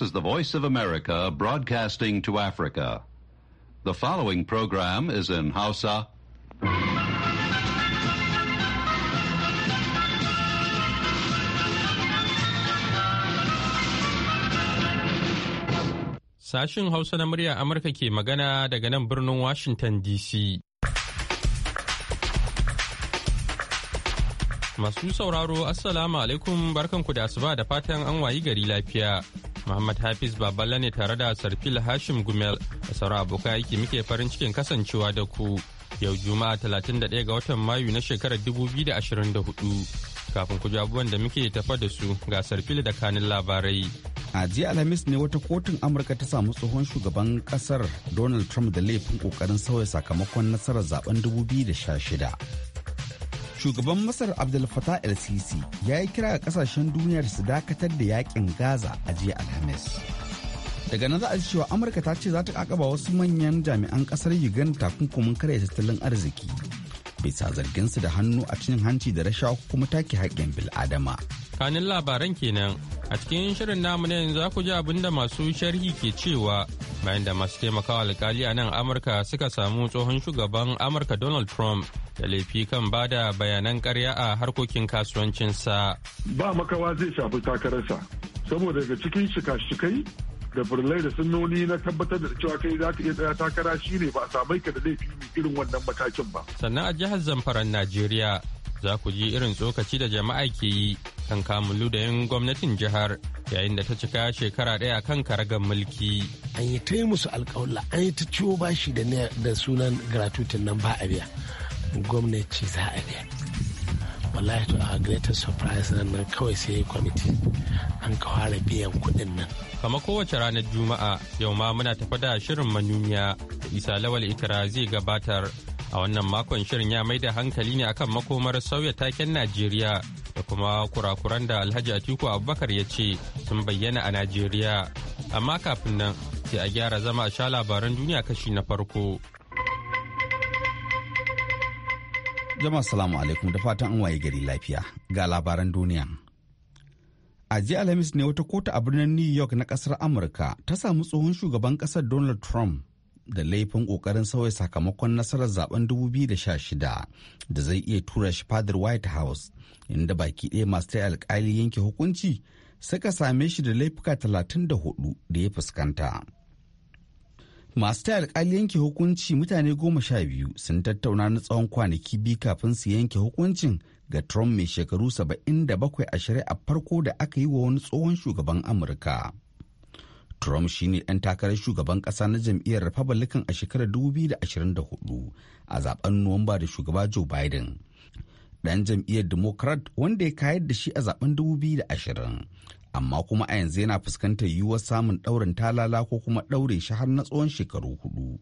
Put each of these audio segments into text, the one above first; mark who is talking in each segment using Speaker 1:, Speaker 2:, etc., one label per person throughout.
Speaker 1: This is the Voice of America broadcasting to Africa. The following program is in Hausa.
Speaker 2: Sashin Hausa na murya Amurka ke magana daga nan birnin Washington DC. Masu sauraro, Assalamu alaikum barkanku da asuba da fatan an wayi gari lafiya. Muhammad Hafiz Baballa ne tare da Sarfil Hashim Gumel da sauran abokan aiki muke farin cikin kasancewa da ku yau Juma'a 31 ga watan Mayu na shekarar 2024. Kafin ku ji abubuwan da muke tafa da su ga Sarfil da kanin labarai.
Speaker 1: A jiya Alhamis ne wata kotun Amurka ta samu tsohon shugaban kasar Donald Trump da laifin kokarin sauya sakamakon nasarar zaben 2016. shugaban masar abdul Fattah el sisi ya yi kira ga kasashen duniyar su dakatar da yakin gaza a jiya alhamis daga nan za a cewa amurka ta ce za ta kakaba wasu manyan jami'an kasar uganda takunkumin karya tattalin arziki bisa zargin su da hannu a cikin hanci da rashawa kuma take haƙƙin bil'adama
Speaker 2: kanin labaran kenan a cikin shirin namu ne yanzu ku ji abinda masu sharhi ke cewa bayan da masu taimakawa alkali a nan amurka suka samu tsohon shugaban amurka donald trump da laifi kan ba da bayanan karya a harkokin kasuwancinsa
Speaker 3: ba makawa zai shafi takararsa saboda daga cikin shika-shikai da furlai da sunoni na tabbatar da cewa kai za ka iya tsaya takara shine ba a samai ka da laifi irin wannan matakin ba
Speaker 2: sannan a jihar zamfaran najeriya za ku ji irin tsokaci da jama'a ke yi kan kamulu da yin gwamnatin jihar yayin da ta cika shekara ɗaya kan karagar mulki.
Speaker 4: An yi ta yi musu alƙawla an yi ta ciwo bashi da da sunan gratuitin nan ba a biya. Gwamnati za a biya. Wallahi to a greatest surprise nan nan kawai sai kwamiti an kawara biyan kuɗin nan.
Speaker 2: Kama kowace ranar Juma'a yau ma muna tafa da shirin manuniya Isa Lawal Ikra zai gabatar A wannan makon shirin ya mai da hankali ne akan makomar sauya taken Najeriya da kuma kurakuran da Alhaji Atiku Abubakar ya ce sun bayyana a Najeriya. Amma kafin nan sai a gyara zama a sha labaran duniya kashi na farko.
Speaker 1: Jama'a salamu alaikum da fatan an waye gari lafiya ga labaran duniya. A jiya Alhamis ne wata kotu a birnin New York na kasar Amurka ta samu tsohon shugaban kasar Donald Trump da laifin kokarin sauya sakamakon nasarar zaben 2016 da zai iya tura shi fadar white house inda baki ɗaya masu taya alkali yanke hukunci suka same shi da laifuka 34 da ya fuskanta masu taya alkali yanke hukunci mutane goma sha biyu sun tattauna na tsawon kwanaki biyu kafin su yanke hukuncin ga trump mai shekaru 77 a shari'a farko da aka yi wa wani tsohon shugaban amurka Trump shine ɗan takarar shugaban ƙasa na jam'iyyar Republican a shekarar 2024 a zaben Nuwamba da shugaba Joe Biden. Ɗan jam'iyyar Democrat wanda ya kayar da shi a zaben 2020, amma kuma a yanzu yana fuskantar yiwuwar samun ɗaurin talala ko kuma ɗaure shi har na tsawon shekaru hudu.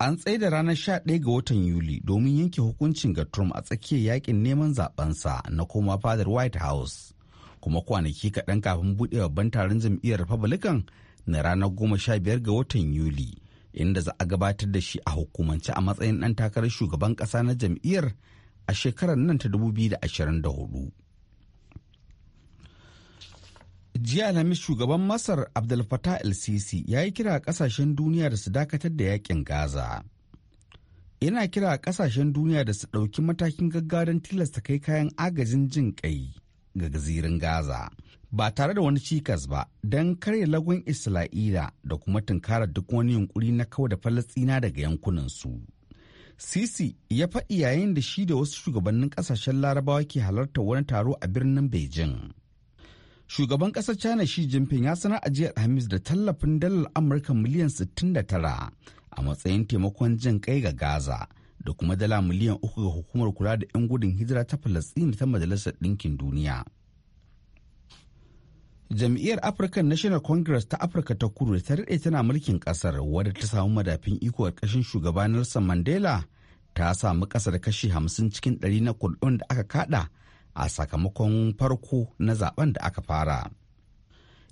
Speaker 1: An da ranar 11 ga watan Yuli domin yanke hukuncin ga Trump a tsakiyar yakin neman zabensa na koma fadar White House. kuma kwanaki kaɗan kafin buɗe babban taron jam'iyyar republican na ranar goma sha biyar ga watan yuli inda za a gabatar da shi a hukumance a matsayin ɗan takarar shugaban ƙasa na jam'iyyar a shekarar nan ta 2024. jiya alhamis shugaban masar abdul fatah el sisi ya yi kira ƙasashen duniya da su dakatar da yakin gaza yana kira ƙasashen duniya da su ɗauki matakin gaggawa don tilasta kai kayan agajin jin ƙai ga gazirin Gaza ba tare da wani cikas ba don karya lagun Isra'ila da kuma tunkarar duk wani yunkuri na kawo da Falastina daga yankunansu. Sisi ya faɗi yayin da shi da wasu shugabannin ƙasashen larabawa ke halartar wani taro a birnin Beijing. Shugaban ƙasar China Xi Jinping ya sanar a jiya Alhamis da tallafin dalar Amurka miliyan 69 a matsayin taimakon jin kai ga Gaza. da kuma dala miliyan uku ga hukumar kula da 'yan gudun hijira ta Falasɗini ta Majalisar Ɗinkin Duniya. Jam'iyyar African National Congress ta Afirka ta Kudu ta daɗe tana mulkin ƙasar wadda ta samu madafin iko ƙarƙashin shugaba Nelson Mandela ta samu ƙasar kashi hamsin cikin ɗari na kudin da aka kada a sakamakon farko na zaben da aka fara.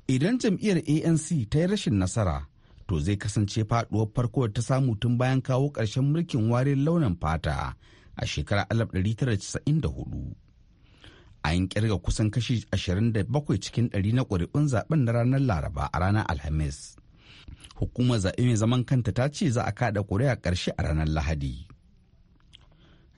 Speaker 1: Idan jam'iyyar ANC ta yi rashin nasara, to zai kasance faɗuwar farko da ta samu tun bayan kawo ƙarshen mulkin warin launin fata a shekarar 1994 an kirga kusan kashi 27 cikin 100 na ƙuri'un zaben na ranar laraba a ranar alhamis hukumar zaɓe mai zaman kanta ta ce za a kada ƙuri'a ƙarshe a ranar lahadi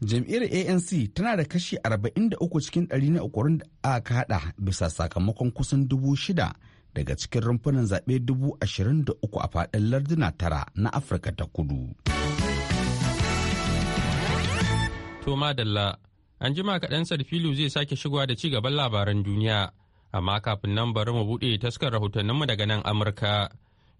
Speaker 1: jam'iyyar anc tana da kashi 43 cikin 100 na ƙuri'un da aka haɗa bisa sakamakon kusan dubu shida daga cikin rumfunan zaɓe uku a faɗin larduna tara na afirka ta kudu.
Speaker 2: to madalla an jima kaɗan sarfilu zai sake shigowa da ci gaban labaran duniya amma kafin nan bari mu buɗe taskar rahotanninmu daga nan amurka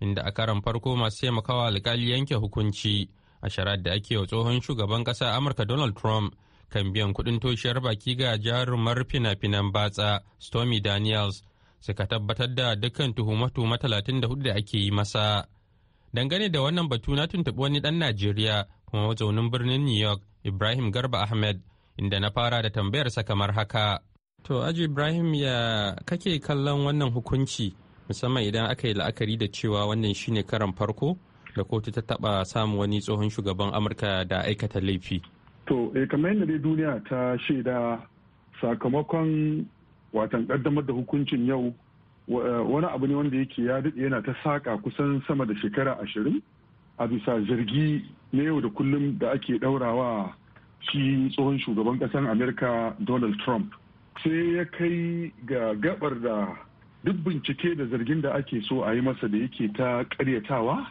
Speaker 2: inda a karan farko masu taimakawa alkali yanke hukunci a sharar da ake wa tsohon shugaban ƙasa amurka donald trump kan biyan kuɗin toshiyar baki ga jarumar fina-finan batsa stormy daniels suka tabbatar da dukkan tuhume-tuhume 34 da ake yi masa. Dangane da wannan batu na tuntuɓi wani ɗan Najeriya kuma mazaunin birnin New York Ibrahim Garba Ahmed inda na fara da tambayarsa kamar haka. To Aji Ibrahim ya kake kallon wannan hukunci musamman idan aka yi la'akari da cewa wannan shine karan farko da kotu ta taɓa samun wani tsohon shugaban Amurka da aikata laifi.
Speaker 3: To eh kamar yadda dai duniya ta shaida sakamakon watan kaddamar da hukuncin yau eh, wani abu ne wanda yake ya daɗe yana ta saƙa kusan sama da shekara ashirin a bisa zargi na yau da kullum da ake ɗaurawa shi tsohon shugaban ƙasar amerika donald trump sai ya kai ga gabar da duk bincike da zargin da ake so a yi masa da yake ta ƙaryatawa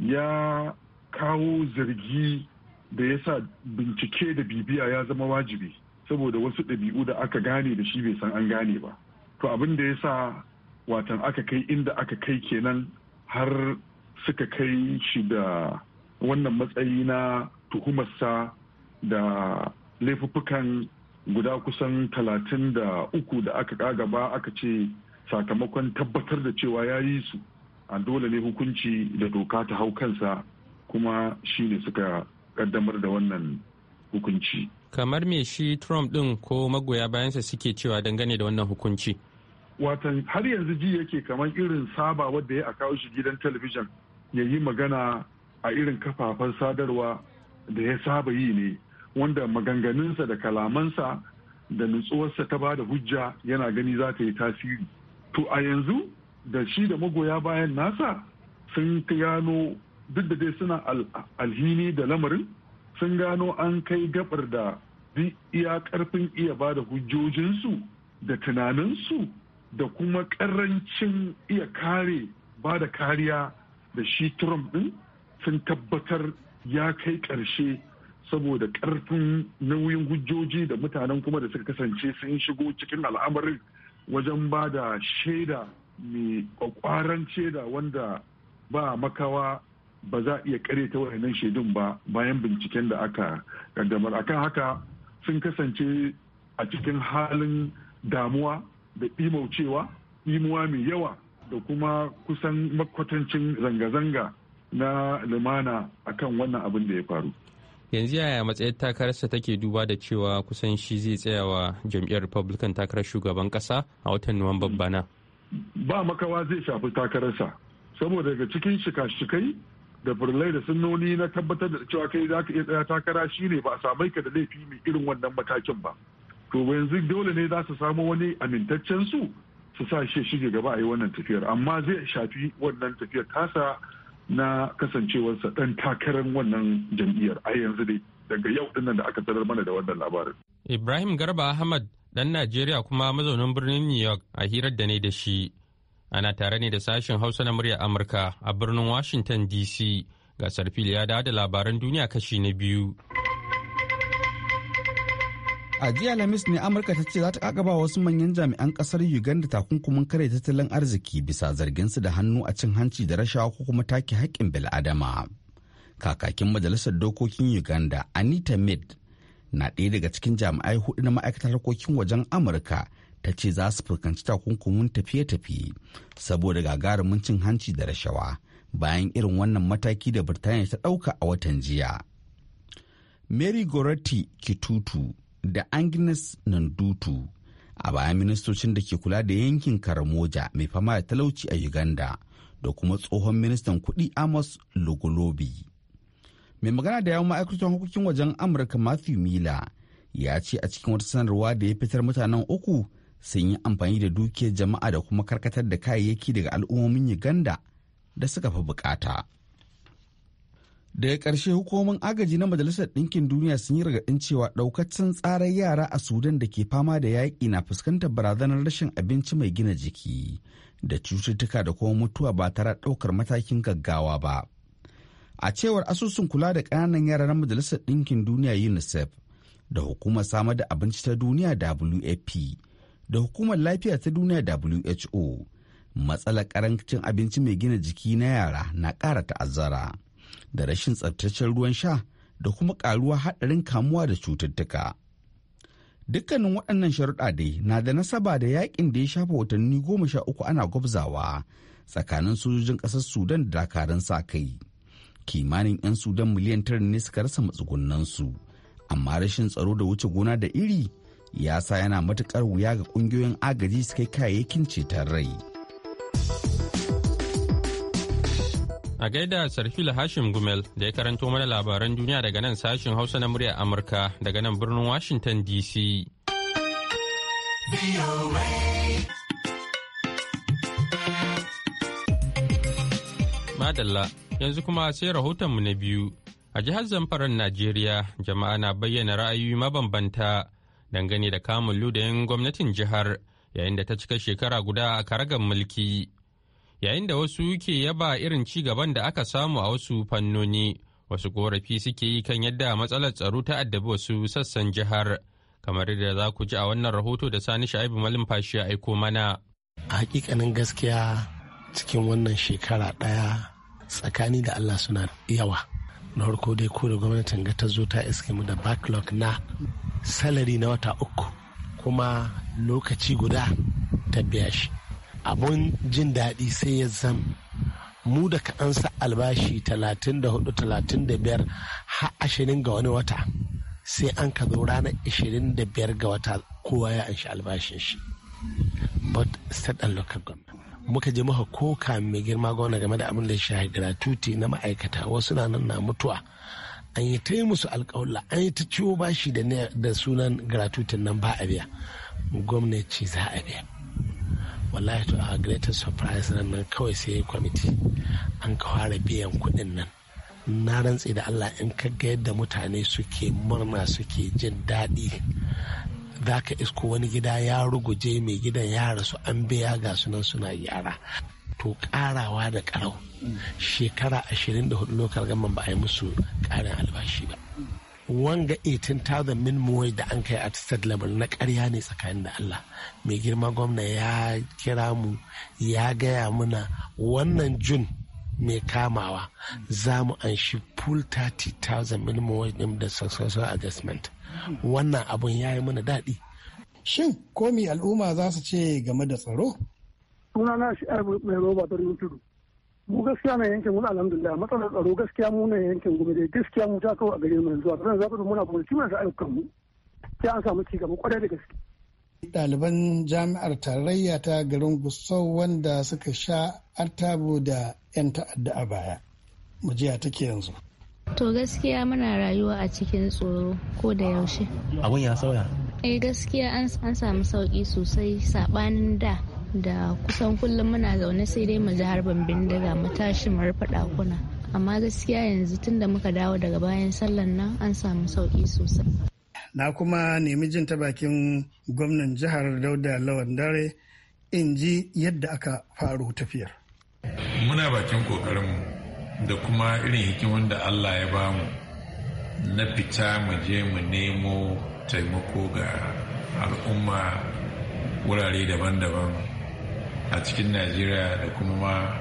Speaker 3: ya kawo zargi da ya sa bincike da bibiya ya zama wajibi saboda wasu ɗabi'u da aka gane da shi bai san an gane ba to abin da ya sa watan aka kai inda aka kai kenan har suka kai shi da wannan matsayi na tuhumarsa da laifuffukan guda kusan talatin da uku da aka kagaba aka ce sakamakon tabbatar da cewa ya yi su a dole ne hukunci da doka ta hau kansa kuma shi ne suka kaddamar da wannan hukunci
Speaker 2: kamar me shi trump din ko magoya bayansa suke cewa dangane da wannan hukunci
Speaker 3: watan har yanzu ji yake kamar irin saba wadda ya kawo shi gidan talabijin ya yi magana a irin kafafen sadarwa da ya saba yi ne wanda maganganunsa da kalamansa da nutsuwarsa ta ba da hujja yana gani za ta yi tasiri to a yanzu da shi da magoya bayan nasa sun gano duk da dai suna alhini da lamarin sun gano an kai gabar da duk iya karfin iya ba da hujjojinsu da tunaninsu da kuma karancin iya kare ba da kariya da shi trump din sun tabbatar ya kai karshe saboda ƙarfin nauyin hujjoji da mutanen kuma da suka kasance sun shigo cikin al'amarin wajen ba da shaida mai kwakwaran shaida wanda ba makawa ba za a iya ta wayannan shaidun ba bayan binciken da aka kaddamar akan haka sun kasance a cikin halin damuwa da imaucewa imuwa mai yawa da kuma kusan makwatancin zanga-zanga na lumana akan wannan abin da ya faru
Speaker 2: yanzu yaya matsayin takararsa take duba da cewa kusan shi zai tsayawa jam'iyyar republican takarar shugaban kasa a watan nuwamban bana
Speaker 3: ba makawa zai shafi takararsa saboda daga cikin shika-shikai da burlai da sunoni na tabbatar da cewa kai za ka iya tsaya takara shi ne ba a samai ka da laifi mai irin wannan matakin ba to yanzu dole ne za su samu wani amintaccen su su sa shi shige gaba a yi wannan tafiyar amma zai shafi wannan tafiyar tasa na kasancewarsa dan takarar wannan jam'iyyar a yanzu dai daga yau dinnan da aka sanar mana da wannan labarin
Speaker 2: ibrahim garba ahmad dan najeriya kuma mazaunin birnin new york a hirar da ne da shi Ana tare ne da sashen Hausa na murya Amurka a birnin Washington DC. Gasar fili ya dawo da labaran duniya kashi na biyu.
Speaker 1: A jiya Lamis ne Amurka ta ce za ta kakaba wasu manyan jami'an kasar Uganda takunkumin kare tattalin arziki bisa zarginsu da hannu a cin hanci da rashawa ko kuma take haƙƙin bil'adama. Kakakin Majalisar Dokokin Uganda Anita Mead na ɗaya daga cikin jami'ai hudu na ma'aikatar harkokin wajen Amurka ta ce za su fuskanci takunkumin tafiye-tafiye saboda gagarumin cin hanci da rashawa bayan irin wannan mataki da birtaniya ta ɗauka a watan jiya mary goretti kitutu da agnes nandutu a bayan ministocin da ke kula da yankin karamoja mai fama da talauci a uganda da kuma tsohon ministan kudi amos logolobi mai magana da yawon ma'aikatan hukukin wajen amurka matthew miller ya ce a cikin wata sanarwa da ya fitar mutanen uku sun yi amfani da dukiyar jama'a da kuma karkatar da kayayyaki daga al'ummomin uganda da suka fi bukata daga ƙarshe hukumomin agaji na majalisar ɗinkin duniya sun yi ragaɗin cewa ɗaukacin tsarar yara a sudan da ke fama da yaƙi na fuskantar barazanar rashin abinci mai gina jiki da cututtuka da kuma mutuwa ba tare ɗaukar matakin gaggawa ba a cewar asusun kula da ƙananan yara na majalisar ɗinkin duniya unicef da hukumar samar da abinci ta duniya wfp da hukumar lafiya ta duniya who matsalar karancin abinci mai gina jiki na yara na ƙara ta'azzara da rashin tsabtaccen ruwan sha da kuma ƙaruwa haɗarin kamuwa da cututtuka dukkanin waɗannan sharuɗa dai na da nasaba da yakin da ya shafa watanni goma sha uku ana gwabzawa tsakanin sojojin ƙasar sudan da dakarun sa kai kimanin 'yan sudan miliyan tara ne suka rasa matsugunansu amma rashin tsaro da wuce gona da iri ya sa yana matukar wuya ga kungiyoyin agaji su kai kayayyakin ceton rai.
Speaker 2: A gaida Sarfil Hashim Gumel da ya karanto mana labaran duniya daga nan sashin Hausa na muryar Amurka daga nan birnin Washington DC. Madalla yanzu kuma sai rahotonmu na biyu. A jihar Zamfaran Najeriya, jama'a na bayyana ra'ayoyi mabambanta dangane da kamun ludayin gwamnatin jihar yayin da ta cika shekara guda a karagar mulki yayin da wasu ke yaba irin ci gaban da aka samu a wasu fannoni wasu korafi suke yi kan yadda matsalar tsaro ta addabi wasu sassan jihar kamar da za ku ji a wannan rahoto da sani sha'ibu malumfashi ya aiko mana
Speaker 4: a hakikanin gaskiya cikin wannan shekara daya tsakani da allah suna yawa na farko dai ko da gwamnatin ga ta zo ta iske mu da backlog na salari na wata uku kuma lokaci guda ta biya shi abun jin daɗi sai ya zam mu da ka ansa albashi 34-35 har ashirin ga wani wata sai an ka zo ranar 25 ga wata kowa ya anshi albashin shi but state local government muka je maka koka mai girma gwamna game da abin da ya shahidara tuti na ma'aikata wasu na nan na mutuwa an yi ta yi musu alƙawla an yi ta ciwo bashi da sunan gratuitin nan ba a biya gwamnati za a biya wallahi to a greatest surprise nan nan kawai sai kwamiti an kawara biyan kudin nan na rantsi da allah in ka ga yadda mutane suke murna suke jin daɗi za ka isko wani gida ya ruguje mai gidan ya rasu an biya ga sunan suna yara. to karawa da karau shekara 24 lokal gaman ba a yi musu karin albashi ba wanga 18,000 min muwai da an kai a state level na karya ne tsakanin da Allah mai girma gwamna ya kira mu ya gaya muna wannan jun mai kamawa za mu an shi full 30,000 min muwai din da successor adjustment wannan abun ya yi mana daɗi shin komi al'umma
Speaker 5: za su ce game da tsaro suna na shi mai roba birnin tudu mu gaskiya na yankin mu alhamdulillah matsalar tsaro gaskiya mu na yankin gumi dai gaskiya mu ta kawo a gare mu yanzu a kan zaɓi
Speaker 3: muna kuma kimar da ayyukan mu sai an samu ci gaba kwarai da gaske.
Speaker 5: ɗaliban jami'ar tarayya ta garin gusau wanda suka sha artabu da 'yan ta'adda a baya mu jiya take yanzu
Speaker 6: to gaskiya muna rayuwa a cikin tsoro ko da yaushe
Speaker 2: abun ya sauya
Speaker 6: eh gaskiya an samu sauki sosai sabanin da da kusan kullum muna zaune sai dai mu ji harbin bindiga mu tashi mu rufe ɗakuna amma gaskiya yanzu tun da muka dawo daga bayan sallan nan an samu sauki sosai
Speaker 5: na kuma nemi jin ta bakin gwamnan jihar dauda lawan dare in ji yadda aka faru tafiyar
Speaker 7: muna bakin mu da kuma irin hikimin da allah ya bamu na fita mu je mu nemo taimako ga al'umma wurare daban-daban a cikin najeriya da kuma ma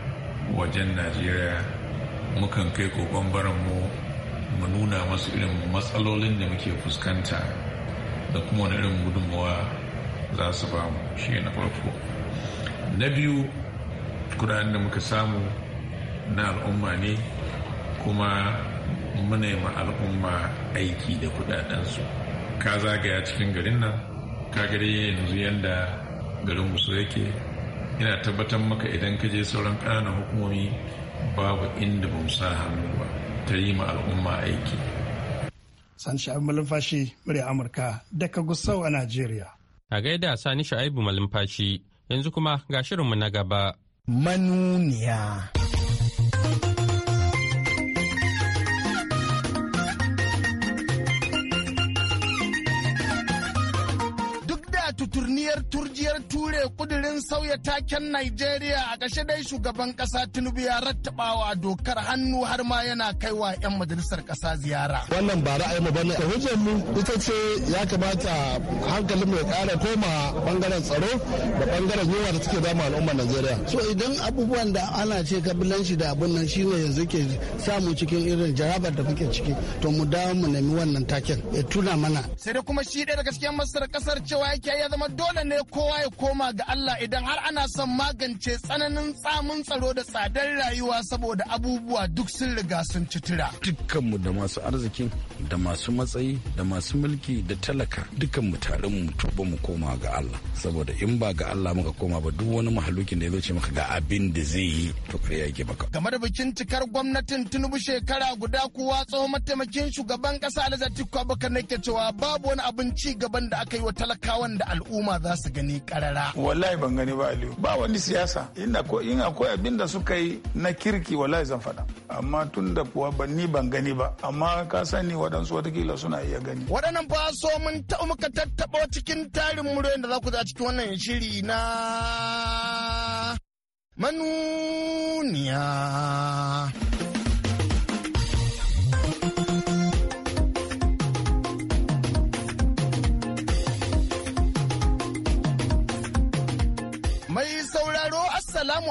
Speaker 7: wajen najeriya mukan kai kokon baranmu mu nuna masu irin matsalolin da muke fuskanta da kuma wani irin gudunmawa za su ba mu shi na farko na biyu kudaden da muka samu na al'umma ne kuma muna ma al'umma aiki da kudadensu ka zagaya cikin garin nan ka gari yanzu yadda garin musu yake ina tabbatar maka idan ka je sauran ƙananan hukumomi
Speaker 2: babu inda ba sa hannu ba ta yi ma al'umma aiki.
Speaker 7: Sani
Speaker 5: Sha'ibu Malumfashi, murya Amurka, daga Gusau a Najeriya.
Speaker 2: A gaida Sani Sha'ibu Malumfashi, yanzu kuma ga shirinmu na gaba.
Speaker 8: Manuniya. kare kudirin sauya taken Najeriya a ƙashe dai shugaban kasa Tinubu ya rattabawa dokar hannu har ma yana kaiwa 'yan majalisar kasa ziyara. Wannan ba ra'ayi mu bane.
Speaker 4: Hujjar mu ita ce ya kamata hankalin mu ya ƙara koma bangaren tsaro da bangaren yunwa da take dama al'ummar Najeriya.
Speaker 5: So idan abubuwan da ana ce shi da abun nan shine yanzu ke samu cikin irin jarabar da muke ciki to mu dawo mu nemi wannan taken ya tuna mana.
Speaker 8: Sai da kuma shi ɗaya daga cikin masar ƙasar cewa yake ya zama dole ne kowa ya koma ga Allah idan har ana son magance tsananin tsamin tsaro da tsadar rayuwa saboda abubuwa duk sun riga sun citira.
Speaker 9: Dukkanmu da masu arziki da masu matsayi da masu mulki da talaka dukkan mu tare mu tuba mu koma ga Allah saboda in ba ga Allah muka koma ba duk wani mahalukin da ya maka ga abin da zai yi to kare yake baka?
Speaker 8: Game da bikin cikar gwamnatin Tinubu shekara guda kuwa tsohon mataimakin shugaban kasa Alhaji Atiku Abubakar nake cewa babu wani abin ci gaban da aka yi wa talakawan da al'umma za su gani karara.
Speaker 7: wallahi ban gani ba aliyu ba wani siyasa inda in akwai abin da suka yi na kirki wallahi zan faɗa amma tun kuwa ban ni ban gani ba amma ka sani waɗansu watakila suna iya gani
Speaker 8: waɗannan ba so mun taɓa muka cikin tarin muryoyin da za ku za cikin wannan shiri na manuniya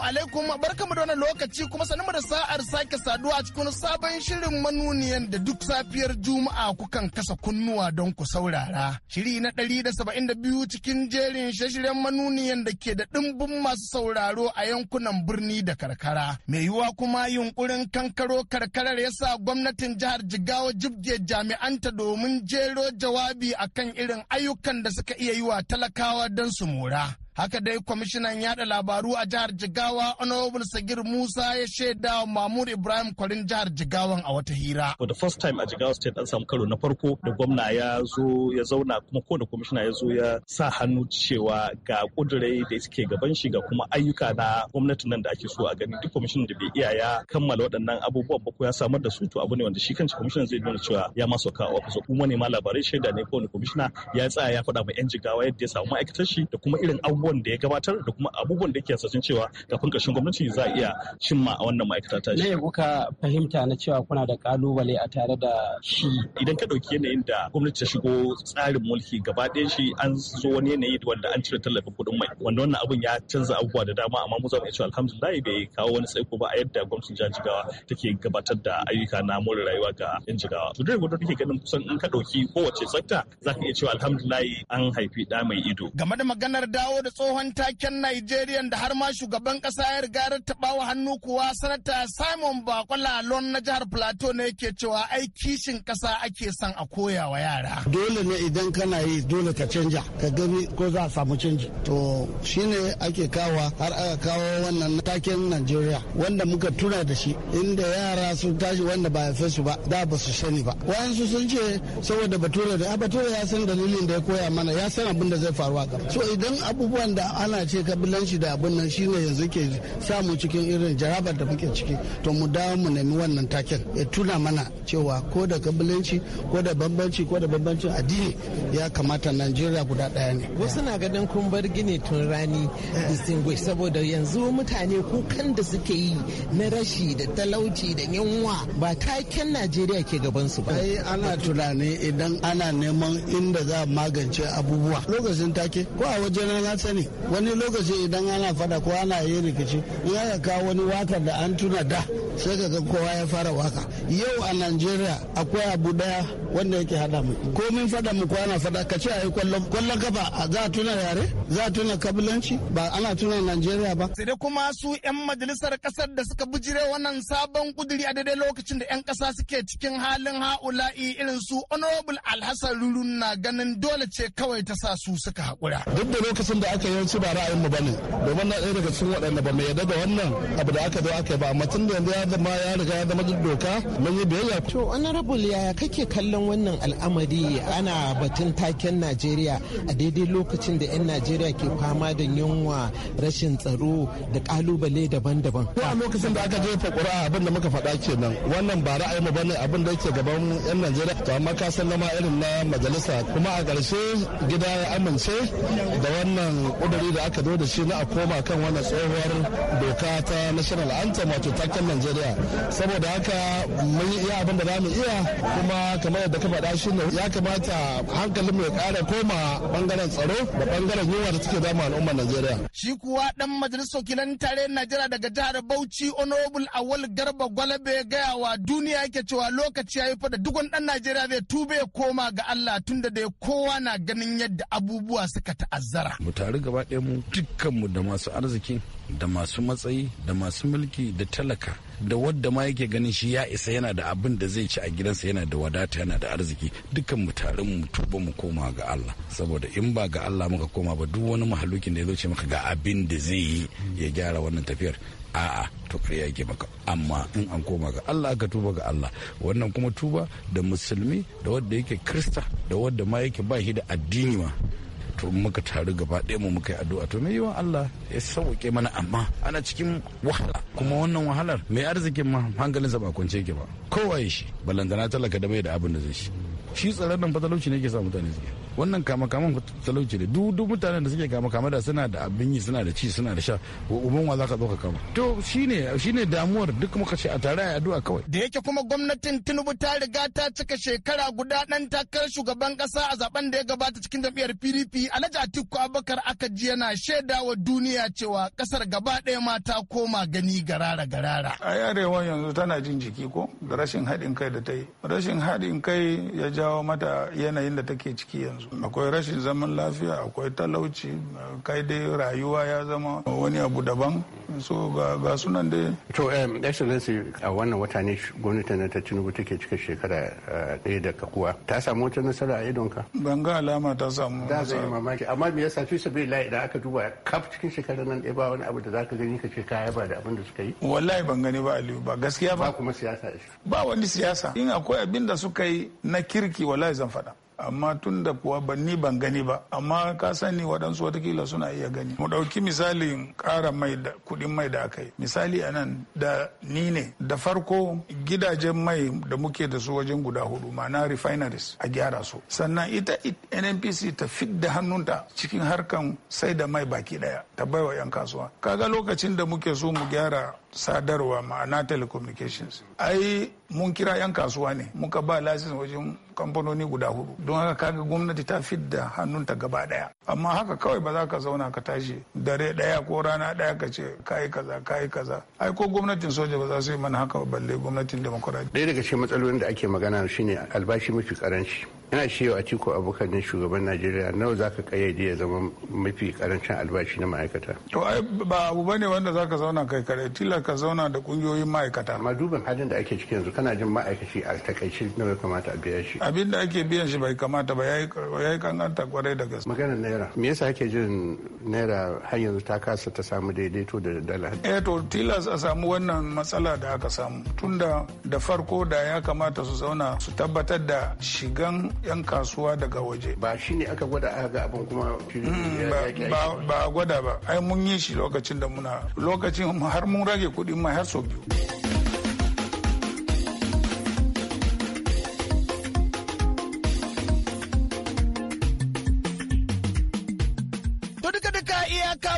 Speaker 8: alaikum barkamu da wannan lokaci kuma sanin da sa'ar sake saduwa a cikin sabon shirin manuniyan da duk safiyar Juma'a kukan kasa kunnuwa don ku saurara. Shiri na ɗari da da biyu cikin jerin shashiren manuniyan da ke da ɗimbin masu sauraro a yankunan birni da karkara. Mai yiwuwa kuma yunkurin kankaro karkarar ya sa gwamnatin jihar Jigawa jibge jami'anta domin jero jawabi akan irin ayyukan da suka iya yi wa talakawa don su mora. Haka dai kwamishinan yada labaru a jihar Jigawa Honorable Sagir Musa ya shaida wa
Speaker 10: Mahmud Ibrahim Kwarin jihar Jigawan a wata hira. For the first time a Jigawa state an samu karo na farko da gwamna ya zo ya zauna kuma ko da kwamishina ya zo ya sa hannu cewa ga kudurai da suke gaban shi ga kuma ayyuka na gwamnatin nan da ake so a gani duk kwamishinan da bai iya ya kammala waɗannan abubuwan ba ko ya samar da su to abu ne wanda shi kanci kwamishinan zai nuna cewa ya masu ka ofis kuma ne ma labarai shaida ne ko kowane kwamishina ya tsaya ya faɗa ma 'yan Jigawa yadda ya samu ma'aikatar shi da kuma irin abubuwan abubuwan da ya gabatar da kuma abubuwan da ke sassan cewa kafin ƙarshen gwamnati za a iya cimma a wannan ma'aikata ta shi.
Speaker 2: kuka fahimta na cewa kuna da kalubale a tare da shi.
Speaker 10: Idan ka ɗauki yanayin da gwamnati ta shigo tsarin mulki gaba ɗaya shi an zo wani yanayi wanda an cire tallafin kuɗin mai wanda wannan abun ya canza abubuwa da dama amma mu za mu iya cewa alhamdulillah bai kawo wani tsaiko ba a yadda gwamnatin jihar Jigawa take gabatar da ayyuka na more rayuwa ga 'yan Jigawa. To dai gwamnati ke ganin kusan in ka ɗauki kowace tsakta za ka iya cewa alhamdulillah an haifi ɗa mai ido.
Speaker 8: Game da maganar dawo da tsohon taken Najeriya da har ma shugaban kasa ya riga ya taɓa wa hannu kuwa sanata Simon Bakwala Lon na jihar Plateau ne yake cewa ai kishin kasa ake son a koya wa yara.
Speaker 5: Dole ne idan kana yi dole ka canja ka gani ko za a samu canji. To shine ake kawa har aka kawo wannan taken Najeriya wanda muka tura da shi inda yara sun tashi wanda ba ya su ba da ba su sani ba. Wayansu sun ce saboda bature da bature ya san dalilin da ya koya mana ya san abin da zai faru a gaba. So idan abubuwan da ana ce kabilanci da abin nan shine yanzu ke samu cikin irin jarabar da muke ciki to mu dawo mu nemi wannan taken ya tuna mana cewa ko da kabilanci ko da bambanci ko da bambancin addini ya kamata najeriya guda
Speaker 4: daya ne wasu na ganin kun bar gini tun rani distinguish saboda yanzu mutane kukan da suke yi na rashi da
Speaker 6: talauci da yunwa
Speaker 4: ba taken najeriya ke gabansu ba ai ana tunani idan
Speaker 5: ana neman inda za a magance abubuwa lokacin take ko a wajen na sani wani lokaci idan ana fada ko ana yi rikici in aka kawo wani wakar da an tuna da sai ka ga kowa ya fara waka yau a najeriya akwai abu daya wanda yake hada mu ko min fada mu ko ana fada ka ce ayi kwallon kwallon kafa za a tuna yare za a tuna kabilanci ba ana tuna najeriya ba sai
Speaker 8: dai kuma su yan majalisar kasar da suka bijire wannan sabon kuduri a daidai lokacin da yan kasa suke cikin halin ha'ula'i irin su honorable alhassan rurun na ganin dole ce kawai ta sa su suka haƙura
Speaker 4: duk da lokacin da aka yawanci ba ra'ayin mu bane domin na ɗaya daga cikin waɗanda ba mai yarda da wannan abu da aka zo aka ba amma tun da yanzu ya zama ya riga ya zama doka mun yi biyayya to honorable yaya kake kallon wannan al'amari ana batun taken Najeriya a daidai lokacin da 'yan Najeriya ke fama da yunwa rashin tsaro da kalubale daban-daban ko a lokacin da aka jefa ƙura'a abin da muka faɗa kenan wannan ba ra'ayin mu bane abin da yake gaban 'yan Najeriya to amma ka san na irin na majalisa kuma a ƙarshe gida ya amince da wannan kuduri da aka zo da shi na a koma kan wannan tsohuwar doka ta national anthem wato taken nigeria saboda haka mun yi iya abin da za mu iya kuma kamar yadda ka faɗa shi ne ya kamata hankalin mu ya ƙara koma bangaren tsaro da bangaren yunwa da suke damu al'ummar
Speaker 8: nigeria shi kuwa dan majalisar wakilan tare nigeria daga jihar bauchi honorable awal garba gwalabe gaya wa duniya yake cewa lokaci ya yi fada duk wani dan najeriya zai tube koma ga allah tunda da kowa na ganin yadda abubuwa suka ta'azzara
Speaker 9: taru gaba ɗaya mu dukkanmu da masu arziki da masu matsayi da masu mulki da talaka da wadda ma yake ganin shi ya isa yana da abin da zai ci a gidansa yana da wadata yana da arziki dukkan mu tare mu tuba mu koma ga Allah saboda in ba ga Allah muka koma ba duk wani mahalukin da ya zo ce maka ga abin da zai yi ya gyara wannan tafiyar a'a to ya yake maka amma in an koma ga Allah aka tuba ga Allah wannan kuma tuba da musulmi da wadda yake krista da wadda ma yake ba shi da addini ma to muka taru gaba ɗaya mu muka yi addu'a to mai yiwa Allah ya sauke mana amma ana cikin wahala kuma wannan wahalar mai arzikin ma hankalinsa ba kwance yake ba kowa ya shi balantana talaka da mai da abin da zai shi shi tsaron nan fatalauci ne ke sa mutane suke wannan kama kaman talauci ne duk duk mutanen da suke kama kama da suna da abin yi suna da ci suna da sha uban
Speaker 8: wa zaka zo ka kama to shine shine damuwar duk muka ce a tare a addu'a kawai da yake kuma gwamnatin Tinubu ta riga ta cika shekara guda dan takarar shugaban kasa a zaben da ya gabata cikin jam'iyyar PDP Alhaji Atiku Abubakar aka ji yana shaida wa duniya cewa kasar gaba ɗaya ma ta koma gani garara garara
Speaker 7: a yarewa yanzu tana jin jiki ko da rashin haɗin kai da ta yi rashin haɗin kai ya ja jawo mata yanayin da take ciki yanzu akwai rashin zaman lafiya akwai talauci kai dai rayuwa ya zama wani abu daban so ga sunan dai to excellency
Speaker 11: a wannan wata ne gwamnati na ta tinubu take cika shekara eh, ɗaya da kakuwa ta samu wata nasara a ka. ban ga alama ta samu da zai mamaki amma me yasa fi sabi lai idan aka duba kaf cikin shekarar nan ɗaya ba wani abu da zaka gani ka ce kaya ba da abin da suka yi wallahi ban gani ba aliyu ba gaskiya ba kuma siyasa
Speaker 7: ba wani siyasa in akwai abin da suka yi na kirki kirki wallahi zan faɗa amma tun da kuwa banni ban gani ba amma ka sani waɗansu watakila suna iya gani mu ɗauki misalin ƙara mai da kuɗin mai da aka yi misali a nan da ni ne da farko gidajen mai da muke da su wajen guda hudu ma'ana refineries a gyara su sannan ita nnpc ta fit da hannunta cikin harkan sai da mai baki ɗaya ta baiwa 'yan kasuwa kaga lokacin da muke so mu gyara sadarwa ma'ana telecommunications ai mun kira 'yan kasuwa ne muka ba lasin wajen kamfanoni guda hudu don haka kaga gwamnati ta fidda hannunta gaba daya amma haka kawai ba za ka zauna ka tashi dare daya ko rana daya ka ce kayi kaza kayi kaza ai ko gwamnatin soja ba za su yi mana haka balle gwamnatin demokradiyya
Speaker 11: ɗaya daga cikin matsalolin da ake magana shine albashi mafi karanci ina shi yau a ciko abokan shugaban najeriya nawa za ka kayyade ya zama mafi karancin albashi na
Speaker 7: ma'aikata to ai ba abu bane wanda za ka zauna kai kare tila ka zauna da kungiyoyin ma'aikata
Speaker 11: amma duban halin da ake ciki yanzu kana jin ma'aikaci a takaice nawa kamata a biya shi
Speaker 7: abin da ake biyan shi bai kamata ba yayi kankanta kwarai da gaske magana naira
Speaker 11: me yasa ake jin naira har yanzu ta kasa ta samu daidaito da dala
Speaker 7: eh to tilas a samu wannan matsala da aka samu tunda da farko da ya kamata su zauna su tabbatar da shigan 'yan kasuwa daga waje ba shi ne aka gwada aka ga abin kuma mm, ba gwada ba ai mun yi shi lokacin da muna lokacin har mun rage kuɗi ma har sau biyu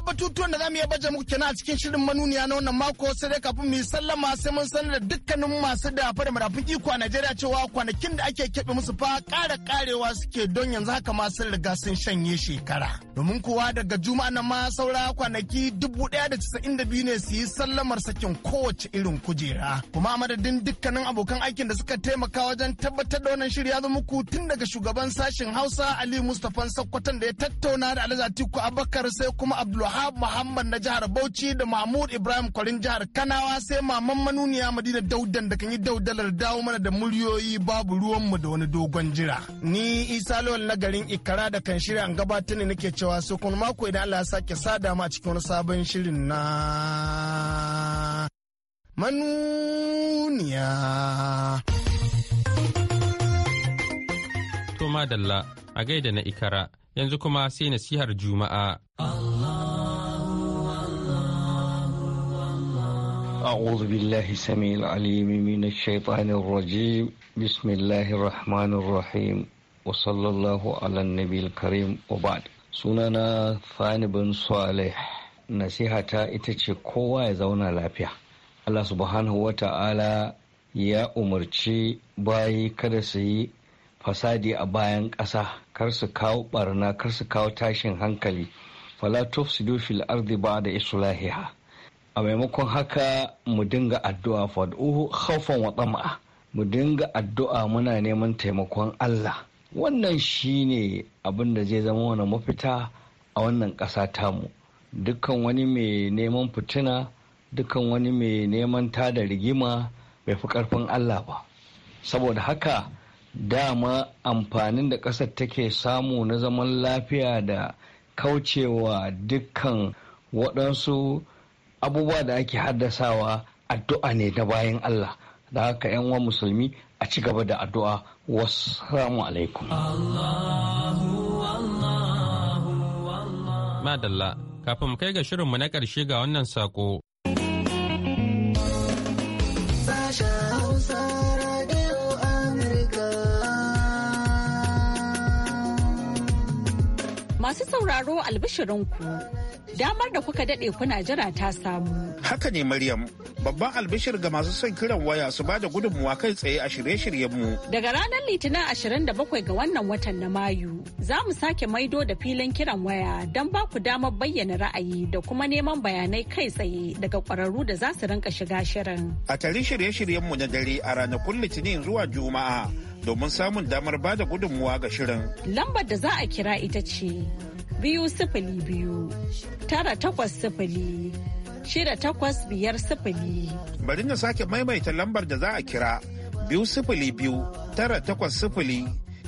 Speaker 8: batutuwan da za mu iya baje muku kenan a cikin shirin manuniya na wannan mako sai dai kafin mu yi sallama sai mun sanar da dukkanin masu dafa da marafin iko a Najeriya cewa kwanakin da ake keɓe musu fa ƙara ƙarewa suke don yanzu haka ma sun riga sun shanye shekara. Domin kuwa daga juma'a na ma saura kwanaki dubu ɗaya da casa'in da biyu ne su yi sallamar sakin kowace irin kujera. Kuma a madadin dukkanin abokan aikin da suka taimaka wajen tabbatar da wannan shirya zo muku tun daga shugaban sashen Hausa ali Mustapha Sakkwatan da ya tattauna da Alhaji Atiku Abubakar sai kuma Abdul wahab muhammad na jihar bauchi da mahmud ibrahim kwarin jihar kanawa sai maman manuniya madina daudan da kan yi daudalar dawo mana da muryoyi babu ruwanmu da wani dogon jira ni isa lawal na garin ikara da kan shirya an gabatar ne nake cewa sai kuma mako idan allah ya sake sada ma cikin wani sabon shirin na manuniya
Speaker 2: to madalla a gaida na ikara yanzu kuma sai nasihar juma'a Allah
Speaker 12: أعوذ بالله السميع العليم من الشيطان الرجيم بسم الله الرحمن الرحيم وصلى الله على النبي الكريم وبعد sunana Fani bin Saleh nasihata ita ce kowa ya zauna lafiya Allah subhanahu wa ta'ala ya umarci bayi kada su yi fasadi a bayan ƙasa kar su kawo barna kar su kawo tashin hankali fala tufsidu fil ardi ba'da islahiha a maimakon haka mu dinga addu'a fad'uhu khawfan wa tama'a mu dinga addu'a muna neman taimakon Allah wannan shine abin da zai zama wani mafita a wannan ƙasa tamu dukkan wani mai neman fitina dukkan wani mai neman tada rigima bai fi ƙarfin Allah ba saboda haka dama amfanin da ƙasar take samu na zaman lafiya da kaucewa dukkan waɗansu abubuwa da ake haddasawa addu'a ne da bayan Allah da haka yan uwan musulmi a ci gaba da addu'a wassalamu alaikum
Speaker 2: madalla kafin kai ga shirinmu na ƙarshe ga wannan sako
Speaker 6: sauraro ku damar da kuka daɗe kuna jira ta samu.
Speaker 8: Haka ne Maryam, babban albishir ga masu son kiran waya su bada gudunmuwa kai tsaye a shirye mu.
Speaker 6: Daga ranar Litinin ashirin da bakwai ga wannan watan na Mayu, za mu sake maido da filin kiran waya don ba ku damar bayyana ra'ayi da kuma neman bayanai kai tsaye daga kwararru da za su rinka shiga shirin.
Speaker 11: A tari shirye
Speaker 8: shiryen mu na dare a ranakun Litinin zuwa Juma'a. domin samun damar ba da gudunmuwa ga
Speaker 7: shirin.
Speaker 6: Lambar da za a kira ita ce biyu sifili biyu tara takwas sifili shida takwas biyar sifili.
Speaker 7: Bari na sake maimaita
Speaker 8: lambar da za a kira biyu sifili biyu tara takwas sifili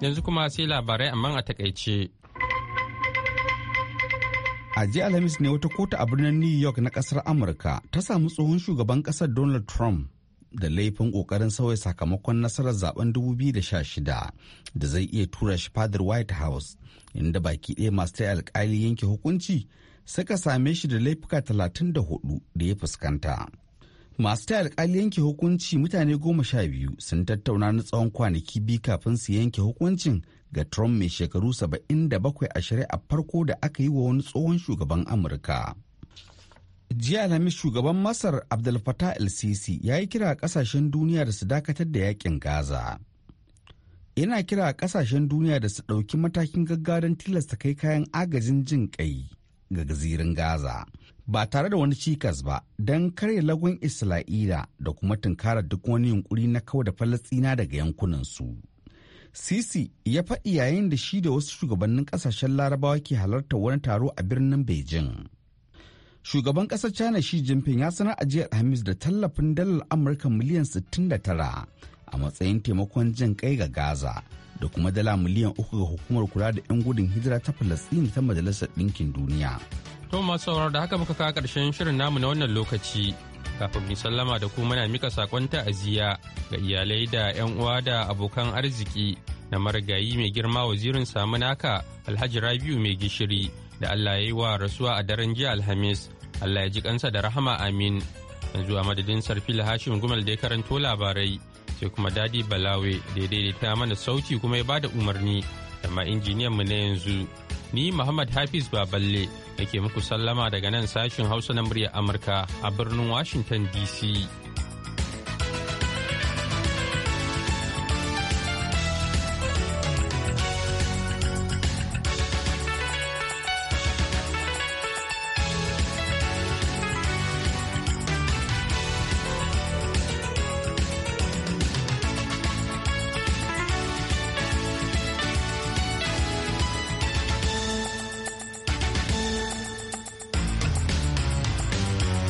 Speaker 2: yanzu kuma sai labarai amma a takaice.
Speaker 1: A jiya Alhamis ne wata kotu a birnin New York na kasar Amurka ta samu tsohon shugaban kasar Donald Trump da laifin kokarin sauya sakamakon nasarar zaben 2016 da zai iya tura shi fadar White House inda baki ɗaya masu yi alkali yanke hukunci suka same shi da laifuka 34 da ya fuskanta. masu ta alkali yanke hukunci mutane goma sha biyu sun tattauna na tsawon kwanaki biyu kafin su yanke hukuncin ga trump mai shekaru saba'in da 77 a shari'a farko da aka yi wa wani tsohon shugaban amurka jiya alhamis shugaban masar abdul fatah el sisi ya yi kira kasashen duniya da su dakatar da yakin gaza yana kira kasashen duniya da su ɗauki matakin gaggawa don tilasta kai kayan agajin jin kai ga gazirin gaza ba tare da wani cikas ba don karya lagun Isra'ila da kuma tunkara duk wani yunkuri na kawo da Falastina daga yankunansu. Sisi ya faɗi yayin da shi da wasu shugabannin ƙasashen larabawa ke halartar wani taro a birnin Beijing. Shugaban ƙasar China shi Jinping ya sanar jiya Alhamis da tallafin dalar Amurka miliyan 69 a matsayin taimakon jin kai ga Gaza. da kuma dala miliyan uku ga hukumar kula da 'yan gudun hijira ta Falasɗin ta Majalisar Ɗinkin Duniya.
Speaker 2: To masu sauraro da haka muka kawo ƙarshen shirin namu na wannan lokaci. Kafin mu sallama da kuma na mika sakon ta'aziyya ga iyalai da 'yan uwa da abokan arziki na marigayi mai girma wazirin samu naka Alhaji Rabiu mai gishiri da Allah ya yi wa rasuwa a daren jiya Alhamis. Allah ya ji kansa da rahama amin. Yanzu a madadin Sarfil Hashim Gumal da ya karanto labarai. sai kuma dadi balawe daidai da ta mana sauti kuma ya ba da umarni da ma injiniyan mu na yanzu ni muhammad hafiz baballe yake muku sallama daga nan sashin hausa na murya amurka a birnin washington dc